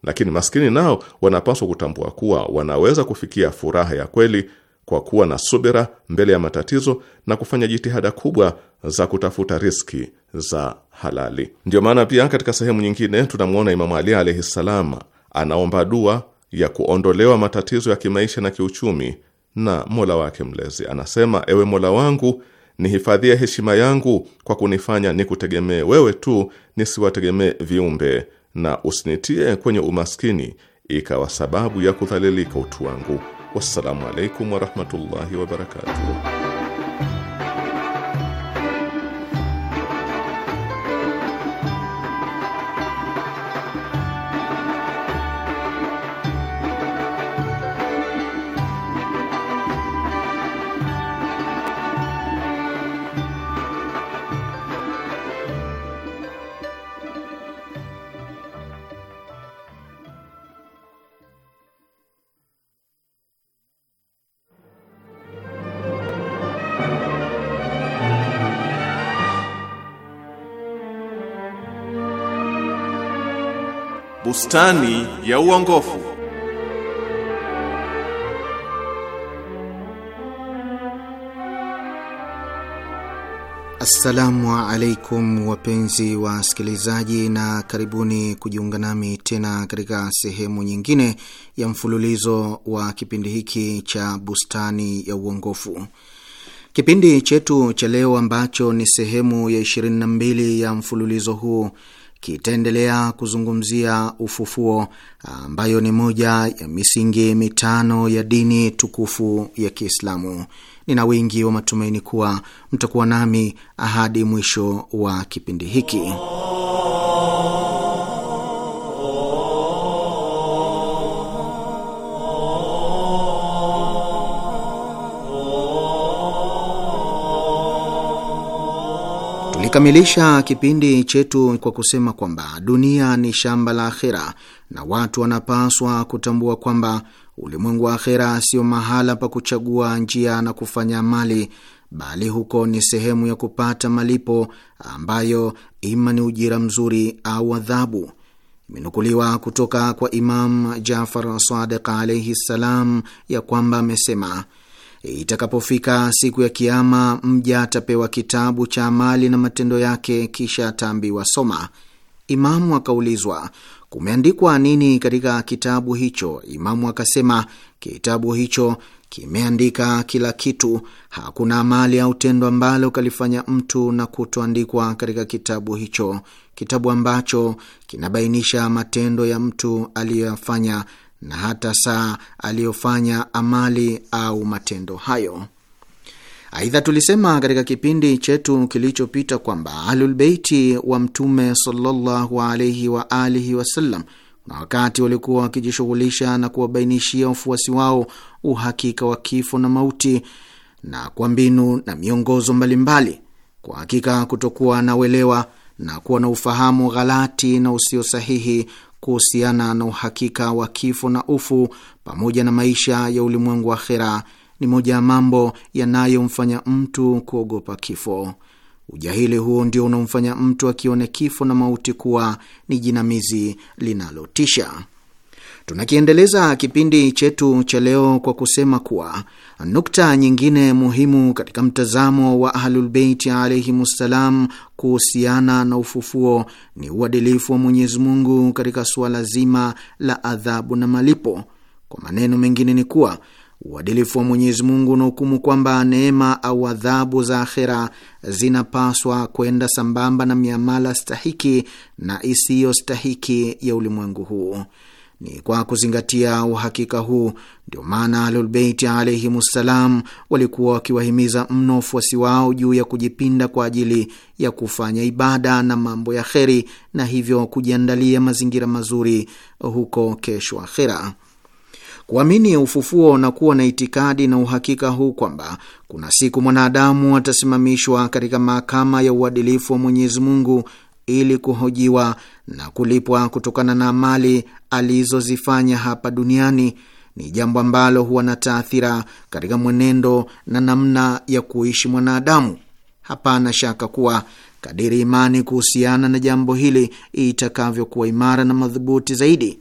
lakini maskini nao wanapaswa kutambua kuwa wanaweza kufikia furaha ya kweli kwa kuwa na subira mbele ya matatizo na kufanya jitihada kubwa za kutafuta riski za halali. Ndio maana pia katika sehemu nyingine tunamwona Imamu Ali alaihi ssalam anaomba dua ya kuondolewa matatizo ya kimaisha na kiuchumi na mola wake mlezi. Anasema, ewe mola wangu nihifadhie heshima yangu kwa kunifanya nikutegemee wewe tu, nisiwategemee viumbe, na usinitie kwenye umaskini ikawa sababu ya kudhalilika utu wangu. Wassalamu alaikum warahmatullahi wabarakatuh. Bustani ya uongofu.
Assalamu alaikum wapenzi wa wasikilizaji, na karibuni kujiunga nami tena katika sehemu nyingine ya mfululizo wa kipindi hiki cha Bustani ya Uongofu. Kipindi chetu cha leo ambacho ni sehemu ya 22 ya mfululizo huu kitaendelea kuzungumzia ufufuo ambayo ni moja ya misingi mitano ya dini tukufu ya Kiislamu. Nina wingi wa matumaini kuwa mtakuwa nami hadi mwisho wa kipindi hiki. tunakamilisha kipindi chetu kwa kusema kwamba dunia ni shamba la akhera na watu wanapaswa kutambua kwamba ulimwengu wa akhera sio mahala pa kuchagua njia na kufanya mali bali huko ni sehemu ya kupata malipo ambayo ima ni ujira mzuri au adhabu. Imenukuliwa kutoka kwa Imam Jafar Sadiq alaihi ssalam ya kwamba amesema Itakapofika siku ya Kiama, mja atapewa kitabu cha amali na matendo yake, kisha ataambiwa soma. Imamu akaulizwa, kumeandikwa nini katika kitabu hicho? Imamu akasema, kitabu hicho kimeandika kila kitu. Hakuna amali au tendo ambalo kalifanya mtu na kutoandikwa katika kitabu hicho, kitabu ambacho kinabainisha matendo ya mtu aliyoyafanya na hata saa aliyofanya amali au matendo hayo. Aidha, tulisema katika kipindi chetu kilichopita kwamba Ahlulbeiti wa Mtume sallallahu alaihi wa alihi wasallam kuna wakati walikuwa wakijishughulisha na kuwabainishia wafuasi wao uhakika wa kifo na mauti na kwa mbinu na miongozo mbalimbali. Kwa hakika kutokuwa na uelewa na kuwa na ufahamu ghalati na usio sahihi kuhusiana na uhakika wa kifo na ufu pamoja na maisha ya ulimwengu wa akhera ni moja ya mambo yanayomfanya mtu kuogopa kifo. Ujahili huo ndio unaomfanya mtu akione kifo na mauti kuwa ni jinamizi linalotisha. Tunakiendeleza kipindi chetu cha leo kwa kusema kuwa nukta nyingine muhimu katika mtazamo wa Ahlulbeiti alaihimussalam kuhusiana na ufufuo ni uadilifu wa Mwenyezi Mungu katika suala zima la adhabu na malipo. Kwa maneno mengine ni kuwa uadilifu wa Mwenyezi Mungu unahukumu kwamba neema au adhabu za akhera zinapaswa kwenda sambamba na miamala stahiki na isiyo stahiki ya ulimwengu huu. Ni kwa kuzingatia uhakika huu ndio maana Ahlulbeiti alaihimussalam walikuwa wakiwahimiza mno wafuasi wao juu ya kujipinda kwa ajili ya kufanya ibada na mambo ya kheri, na hivyo kujiandalia mazingira mazuri huko kesho akhera. Kuamini ufufuo na kuwa na itikadi na uhakika huu kwamba kuna siku mwanadamu atasimamishwa katika mahakama ya uadilifu wa Mwenyezi Mungu ili kuhojiwa na kulipwa kutokana na amali alizozifanya hapa duniani ni jambo ambalo huwa na taathira katika mwenendo na namna ya kuishi mwanadamu. Hapana shaka kuwa kadiri imani kuhusiana na jambo hili itakavyokuwa imara na madhubuti zaidi,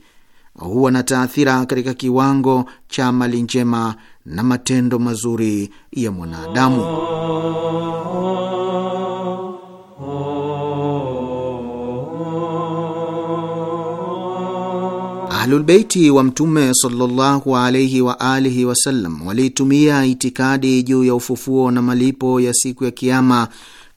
huwa na taathira katika kiwango cha mali njema na matendo mazuri ya mwanadamu. Ahlulbeiti wa Mtume sallallahu alaihi wa alihi wasallam waliitumia itikadi juu ya ufufuo na malipo ya siku ya Kiama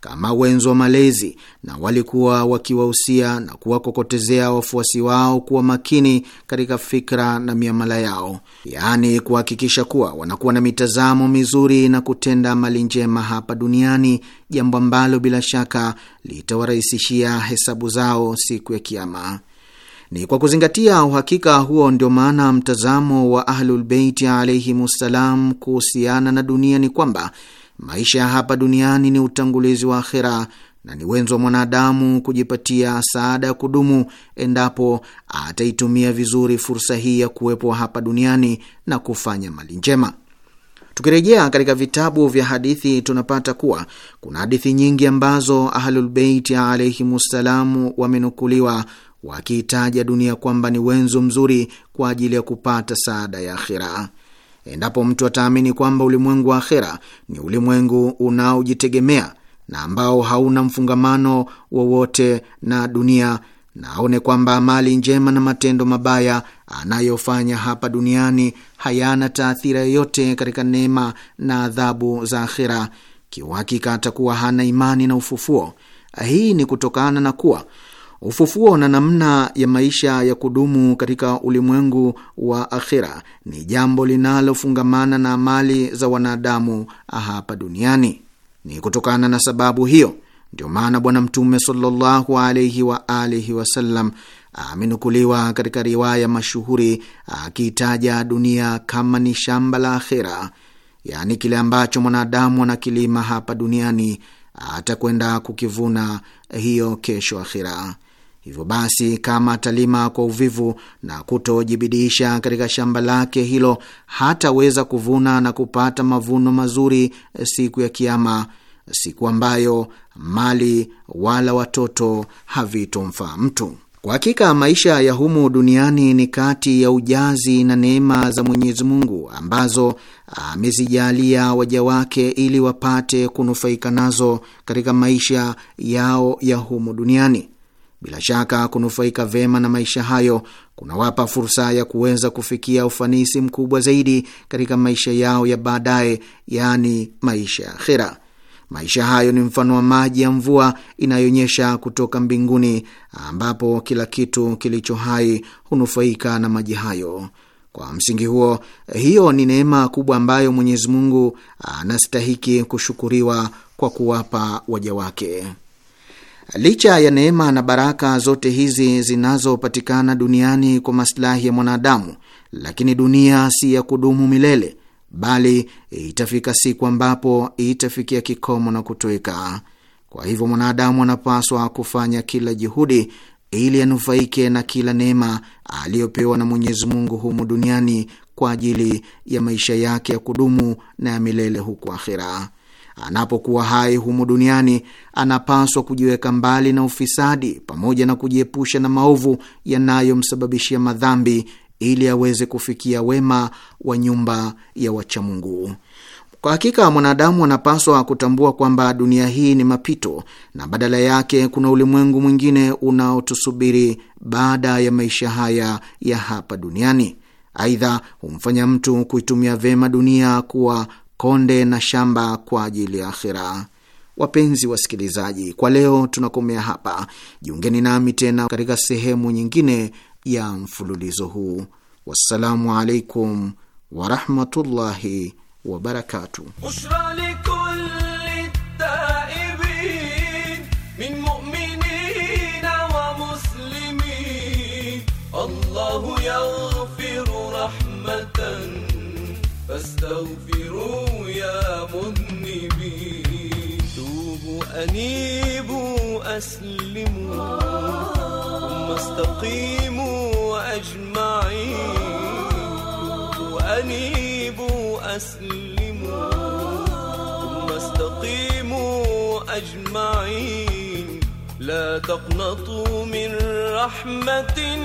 kama wenzo wa malezi, na walikuwa wakiwahusia na kuwakokotezea wafuasi wao kuwa makini katika fikra na miamala yao, yaani kuhakikisha kuwa wanakuwa na mitazamo mizuri na kutenda mali njema hapa duniani, jambo ambalo bila shaka litawarahisishia hesabu zao siku ya Kiama. Ni kwa kuzingatia uhakika huo ndio maana mtazamo wa Ahlulbeiti alaihimussalam kuhusiana na dunia ni kwamba maisha ya hapa duniani ni utangulizi wa akhira na ni wenzo wa mwanadamu kujipatia saada ya kudumu endapo ataitumia vizuri fursa hii ya kuwepo hapa duniani na kufanya mali njema. Tukirejea katika vitabu vya hadithi tunapata kuwa kuna hadithi nyingi ambazo Ahlulbeiti alaihimssalamu wamenukuliwa wakiitaja dunia kwamba ni wenzo mzuri kwa ajili ya kupata saada ya akhira. Endapo mtu ataamini kwamba ulimwengu wa akhira ni ulimwengu unaojitegemea na ambao hauna mfungamano wowote na dunia, na aone kwamba amali njema na matendo mabaya anayofanya hapa duniani hayana taathira yoyote katika neema na adhabu za akhira, kiuhakika atakuwa hana imani na ufufuo. Hii ni kutokana na kuwa Ufufuo na namna ya maisha ya kudumu katika ulimwengu wa akhira ni jambo linalofungamana na amali za wanadamu hapa duniani. Ni kutokana na sababu hiyo ndio maana Bwana Mtume sallallahu alaihi wa alihi wasallam amenukuliwa katika riwaya mashuhuri akiitaja dunia kama ni shamba la akhira, yaani kile ambacho mwanadamu anakilima hapa duniani atakwenda kukivuna hiyo kesho akhira. Hivyo basi, kama atalima kwa uvivu na kutojibidiisha katika shamba lake hilo, hataweza kuvuna na kupata mavuno mazuri siku ya Kiama, siku ambayo mali wala watoto havitomfaa mtu. Kwa hakika maisha ya humu duniani ni kati ya ujazi na neema za Mwenyezi Mungu ambazo amezijalia waja wake ili wapate kunufaika nazo katika maisha yao ya humu duniani. Bila shaka kunufaika vema na maisha hayo kunawapa fursa ya kuweza kufikia ufanisi mkubwa zaidi katika maisha yao ya baadaye, yaani maisha ya akhera. Maisha hayo ni mfano wa maji ya mvua inayonyesha kutoka mbinguni, ambapo kila kitu kilicho hai hunufaika na maji hayo. Kwa msingi huo, hiyo ni neema kubwa ambayo Mwenyezi Mungu anastahiki kushukuriwa kwa kuwapa waja wake. Licha ya neema na baraka zote hizi zinazopatikana duniani kwa masilahi ya mwanadamu, lakini dunia si ya kudumu milele, bali itafika siku ambapo itafikia kikomo na kutoweka. Kwa hivyo, mwanadamu anapaswa kufanya kila juhudi ili anufaike na kila neema aliyopewa na Mwenyezi Mungu humu duniani kwa ajili ya maisha yake ya kudumu na ya milele huku akhira anapokuwa hai humu duniani anapaswa kujiweka mbali na ufisadi pamoja na kujiepusha na maovu yanayomsababishia madhambi ili aweze kufikia wema wa nyumba ya wachamungu. Kwa hakika mwanadamu anapaswa kutambua kwamba dunia hii ni mapito na badala yake kuna ulimwengu mwingine unaotusubiri baada ya maisha haya ya hapa duniani. Aidha, humfanya mtu kuitumia vema dunia kuwa konde na shamba kwa ajili ya akhira. Wapenzi wasikilizaji, kwa leo tunakomea hapa. Jiungeni nami tena katika sehemu nyingine ya mfululizo huu. Wassalamu alaikum warahmatullahi wabarakatuh.
أنيبوا أسلموا ثم استقيموا أجمعين وأنيبوا أسلموا ثم استقيموا أجمعين لا تقنطوا من رحمة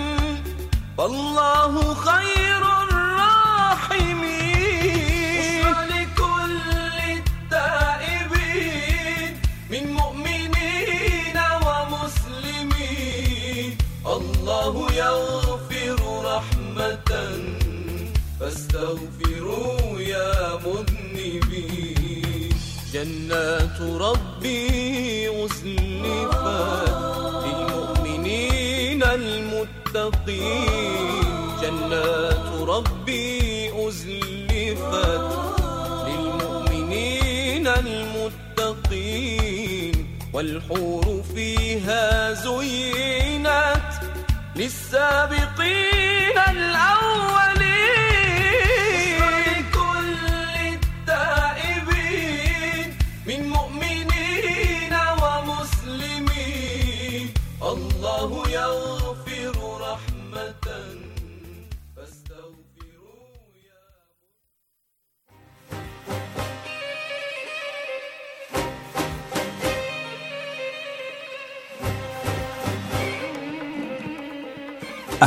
فالله خير الله يغفر رحمة فاستغفروا يا مذنبين جنات ربي أزلفت للمؤمنين المتقين جنات ربي أزلفت للمؤمنين المتقين والحور فيها زينت للسابقين الأول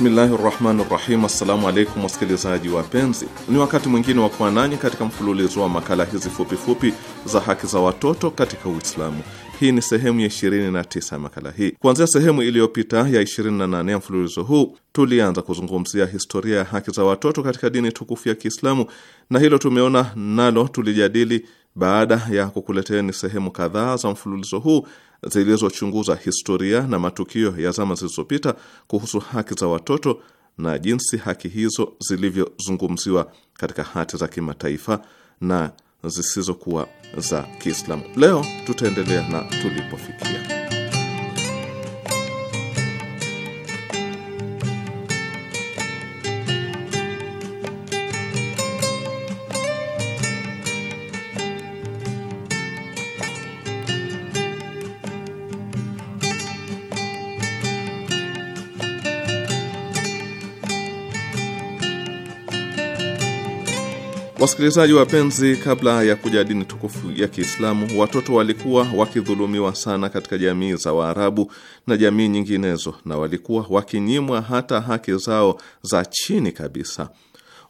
Bismillahi rahmani rahim. Assalamu alaikum wasikilizaji wapenzi, ni wakati mwingine wa kuwa nanyi katika mfululizo wa makala hizi fupifupi za haki za watoto katika Uislamu. Hii ni sehemu ya 29 ya makala hii. Kuanzia sehemu iliyopita ya 28 ya mfululizo huu, tulianza kuzungumzia historia ya haki za watoto katika dini tukufu ya Kiislamu, na hilo tumeona nalo tulijadili baada ya kukuleteeni sehemu kadhaa za mfululizo huu zilizochunguza historia na matukio ya zama zilizopita kuhusu haki za watoto na jinsi haki hizo zilivyozungumziwa katika hati za kimataifa na zisizokuwa za Kiislamu. Leo tutaendelea na tulipofikia. Wasikilizaji wapenzi, kabla ya kuja dini tukufu ya Kiislamu, watoto walikuwa wakidhulumiwa sana katika jamii za Waarabu na jamii nyinginezo, na walikuwa wakinyimwa hata haki zao za chini kabisa.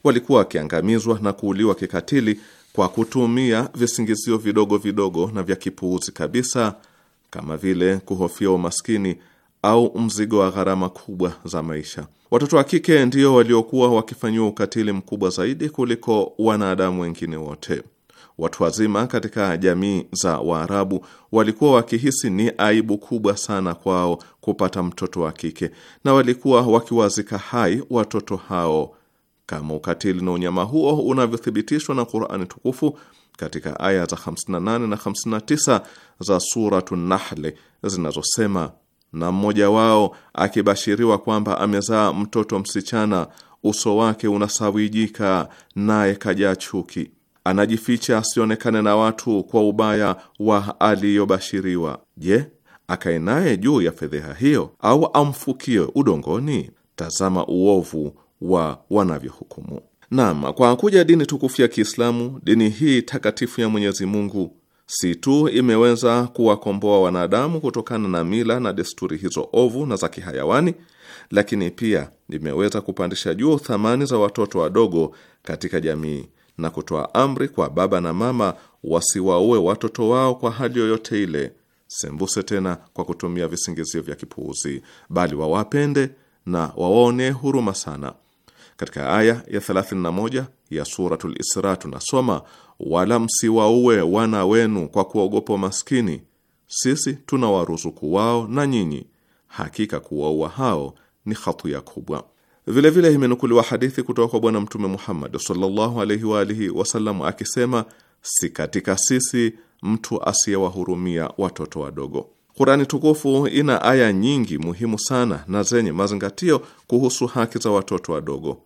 Walikuwa wakiangamizwa na kuuliwa kikatili kwa kutumia visingizio vidogo vidogo na vya kipuuzi kabisa, kama vile kuhofia umaskini au mzigo wa gharama kubwa za maisha. Watoto wa kike ndio waliokuwa wakifanyiwa ukatili mkubwa zaidi kuliko wanadamu wengine wote. Watu wazima katika jamii za Waarabu walikuwa wakihisi ni aibu kubwa sana kwao kupata mtoto wa kike, na walikuwa wakiwazika hai watoto hao kama ukatili na unyama huo unavyothibitishwa na Qur'ani tukufu katika aya za 58 na 59 za suratu Nahle zinazosema na mmoja wao akibashiriwa kwamba amezaa mtoto msichana, uso wake unasawijika, naye kajaa chuki, anajificha asionekane na watu kwa ubaya wa aliyobashiriwa. Je, akae naye juu ya fedheha hiyo au amfukie udongoni? Tazama uovu wa wanavyohukumu. Naam, kwa kuja dini tukufu ya Kiislamu, dini hii takatifu ya Mwenyezi Mungu si tu imeweza kuwakomboa wanadamu kutokana na mila na desturi hizo ovu na za kihayawani, lakini pia imeweza kupandisha juu thamani za watoto wadogo katika jamii na kutoa amri kwa baba na mama wasiwaue watoto wao kwa hali yoyote ile, sembuse tena kwa kutumia visingizio vya kipuuzi, bali wawapende na wawaonee huruma sana. Katika aya ya 31 ya Suratul Isra tunasoma wala msiwaue wana wenu kwa kuogopa maskini, sisi tuna waruzuku wao na nyinyi, hakika kuwaua hao ni khatia kubwa. Vilevile imenukuliwa hadithi kutoka kwa Bwana Mtume Muhammad sallallahu alaihi wa alihi wasallam akisema, si katika sisi mtu asiyewahurumia watoto wadogo. Kurani tukufu ina aya nyingi muhimu sana na zenye mazingatio kuhusu haki za watoto wadogo.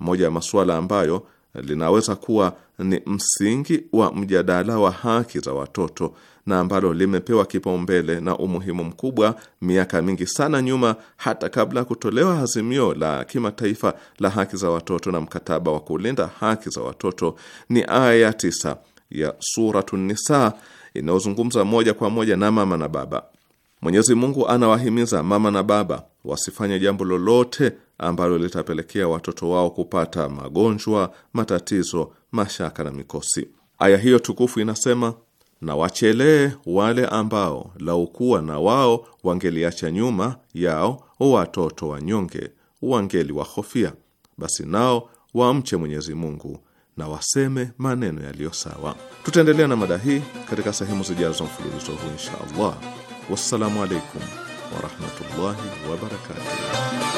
Moja ya masuala ambayo linaweza kuwa ni msingi wa mjadala wa haki za watoto na ambalo limepewa kipaumbele na umuhimu mkubwa miaka mingi sana nyuma, hata kabla ya kutolewa azimio la kimataifa la haki za watoto na mkataba wa kulinda haki za watoto, ni aya ya tisa ya Suratu Nisa inayozungumza moja kwa moja na mama na baba. Mwenyezi Mungu anawahimiza mama na baba wasifanye jambo lolote ambalo litapelekea watoto wao kupata magonjwa, matatizo, mashaka na mikosi. Aya hiyo tukufu inasema, na wachelee wale ambao laukuwa na wao wangeliacha nyuma yao watoto wanyonge wangeli wahofia basi nao wamche Mwenyezi Mungu na waseme maneno yaliyo sawa. Tutaendelea na mada hii katika sehemu zijazo mfululizo huu insha Allah. Wassalamu alaikum warahmatullahi wabarakatuh.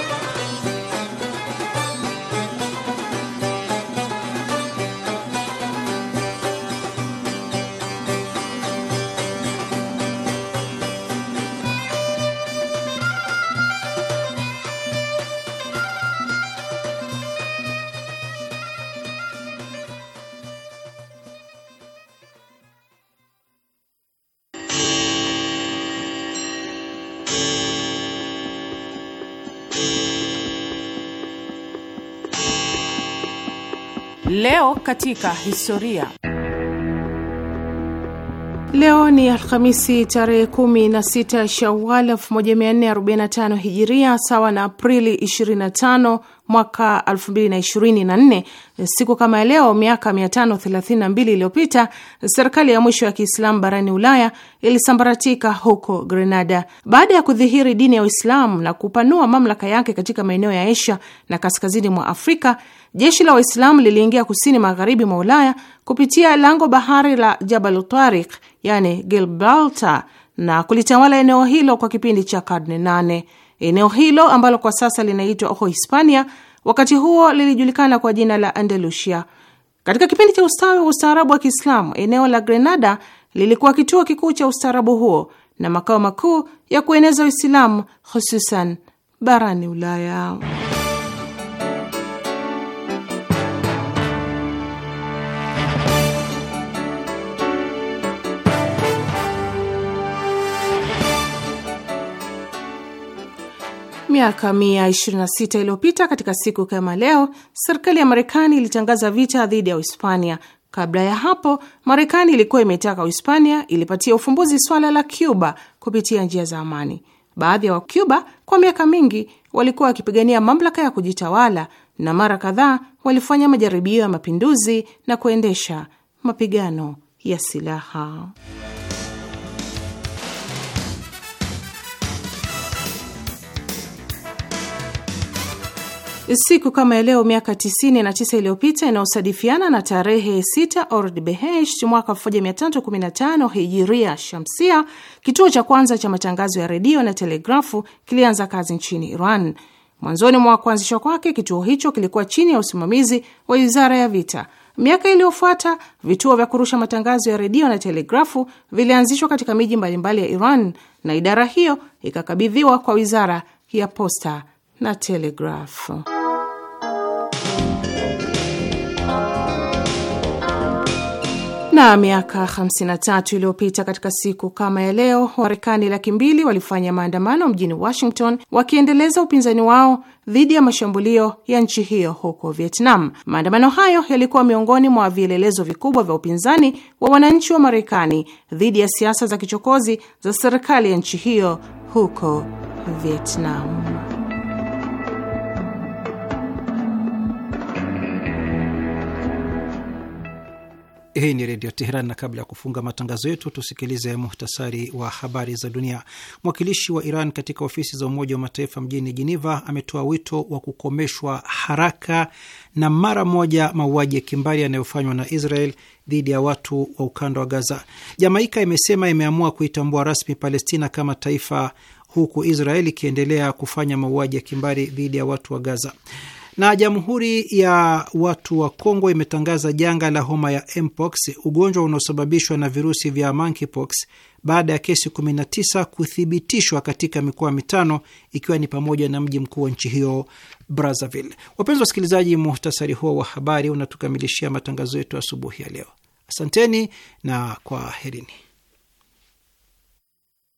Leo katika historia. Leo ni Alhamisi tarehe 16 Shawal 1445 Hijiria, sawa na Aprili 25 mwaka 2024. Siku kama yaleo leo miaka 532 iliyopita serikali ya mwisho ya Kiislamu barani Ulaya ilisambaratika huko Grenada baada ya kudhihiri dini ya Uislamu na kupanua mamlaka yake katika maeneo ya Asia na kaskazini mwa Afrika jeshi la Waislamu liliingia kusini magharibi mwa Ulaya kupitia lango bahari la Jabal Tariq, yani Gibraltar, na kulitawala eneo hilo kwa kipindi cha karne nane. Eneo hilo ambalo kwa sasa linaitwa hispania wakati huo lilijulikana kwa jina la Andalusia. Katika kipindi cha ustawi wa ustaarabu wa Kiislamu, eneo la Grenada lilikuwa kituo kikuu cha ustaarabu huo na makao makuu ya kueneza Uislamu hususan barani Ulaya. miaka 126 iliyopita katika siku kama leo, serikali ya Marekani ilitangaza vita dhidi ya Uhispania. Kabla ya hapo, Marekani ilikuwa imetaka Uhispania ilipatia ufumbuzi swala la Cuba kupitia njia za amani. Baadhi ya Wacuba kwa miaka mingi walikuwa wakipigania mamlaka ya kujitawala na mara kadhaa walifanya majaribio ya mapinduzi na kuendesha mapigano ya silaha. Siku kama leo miaka 99 iliyopita inayosadifiana na tarehe 6 Ordibehesht mwaka 1315 hijiria shamsia, kituo cha kwanza cha matangazo ya redio na telegrafu kilianza kazi nchini Iran. Mwanzoni mwa kuanzishwa kwake, kituo hicho kilikuwa chini ya usimamizi wa wizara ya vita. Miaka iliyofuata vituo vya kurusha matangazo ya redio na telegrafu vilianzishwa katika miji mbalimbali ya Iran na idara hiyo ikakabidhiwa kwa wizara ya posta na telegrafu. Na miaka 53 iliyopita katika siku kama ya leo, marekani laki mbili walifanya maandamano mjini Washington wakiendeleza upinzani wao dhidi ya mashambulio ya nchi hiyo huko Vietnam. Maandamano hayo yalikuwa miongoni mwa vielelezo vikubwa vya upinzani wa wananchi wa Marekani dhidi ya siasa za kichokozi za serikali ya nchi hiyo huko Vietnam.
Hii ni Redio Teheran, na kabla ya kufunga matangazo yetu tusikilize muhtasari wa habari za dunia. Mwakilishi wa Iran katika ofisi za Umoja wa Mataifa mjini Geneva ametoa wito wa kukomeshwa haraka na mara moja mauaji ya kimbari yanayofanywa na Israel dhidi ya watu wa ukanda wa Gaza. Jamaika imesema imeamua kuitambua rasmi Palestina kama taifa huku Israel ikiendelea kufanya mauaji ya kimbari dhidi ya watu wa Gaza. Na Jamhuri ya Watu wa Kongo imetangaza janga la homa ya mpox, ugonjwa unaosababishwa na virusi vya monkeypox, baada ya kesi 19 kuthibitishwa katika mikoa mitano ikiwa ni pamoja na mji mkuu wa nchi hiyo Brazzaville. Wapenzi wasikilizaji, muhtasari huo wa habari unatukamilishia matangazo yetu asubuhi ya leo. Asanteni na kwaherini,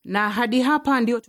na hadi hapa ndio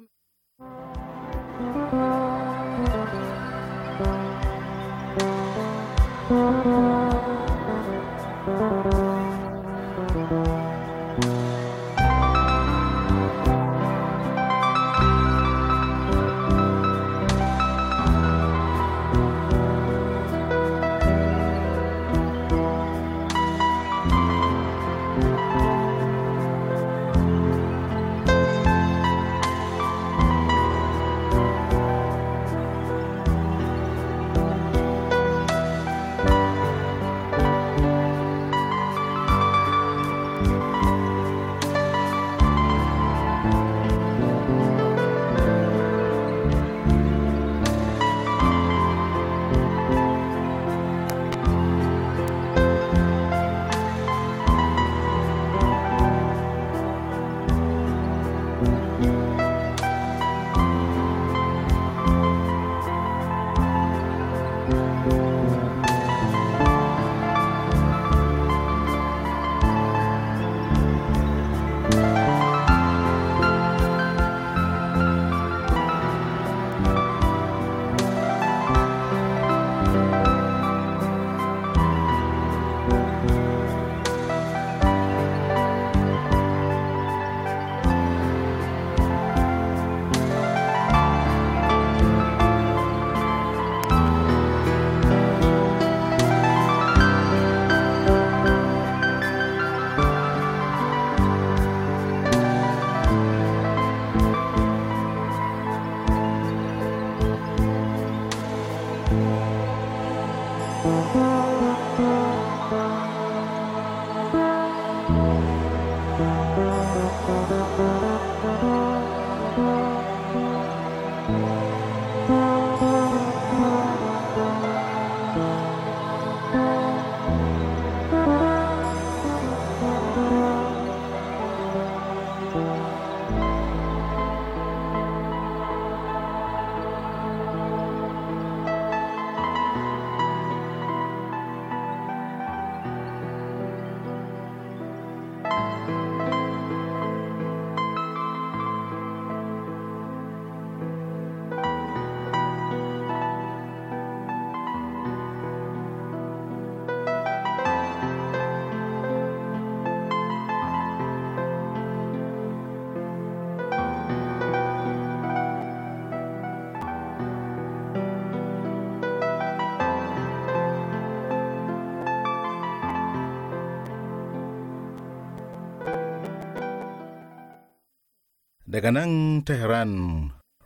Daga nan Tehran,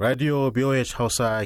Radio BOH
Hausa